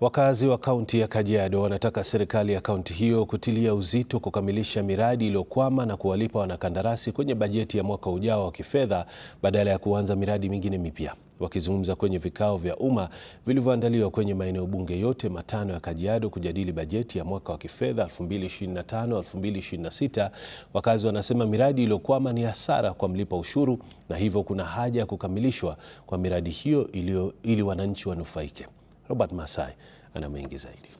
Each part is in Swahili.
Wakazi wa kaunti ya Kajiado wanataka serikali ya kaunti hiyo kutilia uzito kukamilisha miradi iliyokwama na kuwalipa wanakandarasi kwenye bajeti ya mwaka ujao wa kifedha badala ya kuanza miradi mingine mipya. Wakizungumza kwenye vikao vya umma vilivyoandaliwa kwenye maeneo bunge yote matano ya Kajiado kujadili bajeti ya mwaka wa kifedha 2025-2026, wakazi wanasema miradi iliyokwama ni hasara kwa mlipa ushuru na hivyo kuna haja ya kukamilishwa kwa miradi hiyo ili wananchi wanufaike. Robert Masai ana mengi zaidi.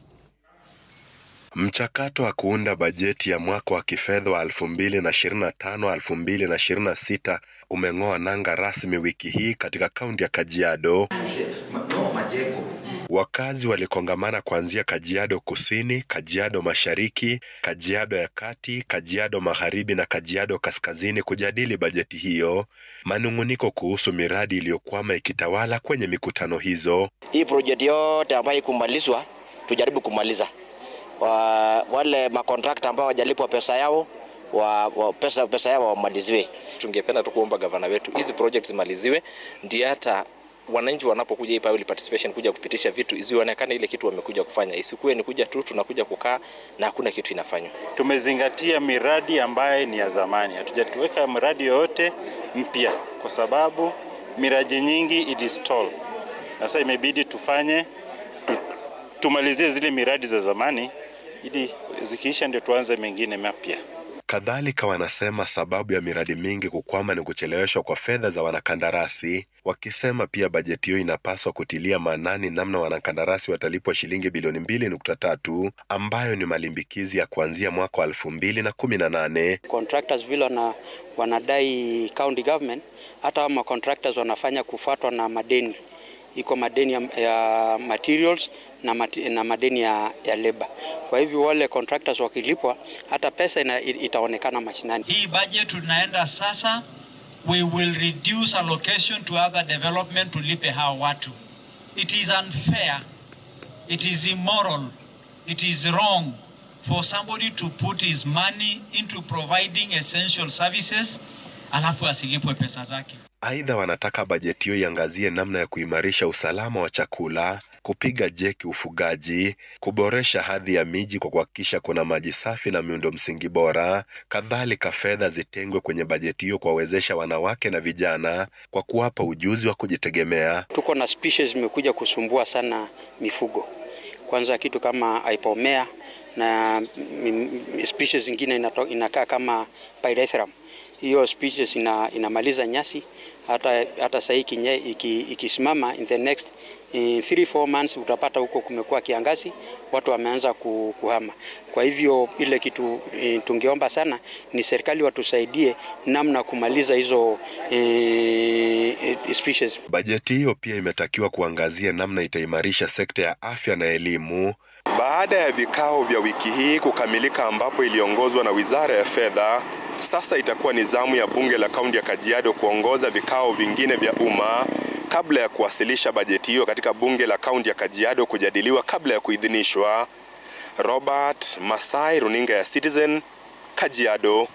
Mchakato wa kuunda bajeti ya mwaka wa kifedha wa 2025/2026 umeng'oa nanga rasmi wiki hii katika kaunti ya Kajiado. Wakazi walikongamana kuanzia Kajiado Kusini, Kajiado Mashariki, Kajiado ya Kati, Kajiado Magharibi na Kajiado Kaskazini kujadili bajeti hiyo, manung'uniko kuhusu miradi iliyokwama ikitawala kwenye mikutano hizo. Hii project yote ambayo ikumalizwa tujaribu kumaliza wa, wale makontrakta ambao hawajalipwa pesa yao wa, wa pesa, pesa yao wamaliziwe. Tungependa tu kuomba gavana wetu hizi project zimaliziwe, ndio hata wananchi wanapokuja hii public participation kuja kupitisha vitu isionekane ile kitu wamekuja kufanya, isikuwe ni kuja tu tunakuja kukaa na hakuna kitu inafanywa. Tumezingatia miradi ambaye ni ya zamani, hatujatuweka miradi yoyote mpya kwa sababu miradi nyingi ilistall. Sasa imebidi tufanye tumalizie zile miradi za zamani ili zikiisha ndio tuanze mengine mapya. Kadhalika wanasema sababu ya miradi mingi kukwama ni kucheleweshwa kwa fedha za wanakandarasi, wakisema pia bajeti hiyo inapaswa kutilia maanani namna wanakandarasi watalipwa shilingi bilioni mbili nukta tatu ambayo ni malimbikizi ya kuanzia mwaka wa elfu mbili na kumi na nane. Contractors vile wana, wanadai county government, hata hao contractors wanafanya kufuatwa na madeni iko madeni ya, ya materials na, mat, na madeni ya, ya labor. Kwa hivyo wale contractors wakilipwa hata pesa ina, itaonekana mashinani. Hii budget tunaenda sasa, we will reduce allocation to other development tulipe hao watu. It is unfair, it is immoral, it is wrong for somebody to put his money into providing essential services alafu asilipwe pesa zake. Aidha, wanataka bajeti hiyo iangazie namna ya kuimarisha usalama wa chakula, kupiga jeki ufugaji, kuboresha hadhi ya miji kwa kuhakikisha kuna maji safi na miundo msingi bora. Kadhalika, fedha zitengwe kwenye bajeti hiyo kuwawezesha wanawake na vijana kwa kuwapa ujuzi wa kujitegemea. Tuko na species zimekuja kusumbua sana mifugo, kwanza kitu kama aipomea na species zingine inakaa kama pyrethrum hiyo species ina, inamaliza nyasi hata, hata saa hii ikisimama in the next in 3 4 months utapata huko kumekuwa kiangazi, watu wameanza kuhama. Kwa hivyo ile kitu e, tungeomba sana ni serikali watusaidie namna kumaliza hizo e, e, species. Bajeti hiyo pia imetakiwa kuangazia namna itaimarisha sekta ya afya na elimu. Baada ya vikao vya wiki hii kukamilika, ambapo iliongozwa na Wizara ya Fedha sasa itakuwa ni zamu ya bunge la kaunti ya Kajiado kuongoza vikao vingine vya umma kabla ya kuwasilisha bajeti hiyo katika bunge la kaunti ya Kajiado kujadiliwa kabla ya kuidhinishwa. Robert Masai, runinga ya Citizen, Kajiado.